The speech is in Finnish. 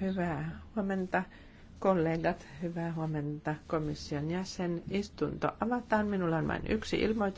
Hyvää huomenta kollegat, hyvää huomenta komission jäsen. Istunto avataan. Minulla on vain yksi ilmoitus.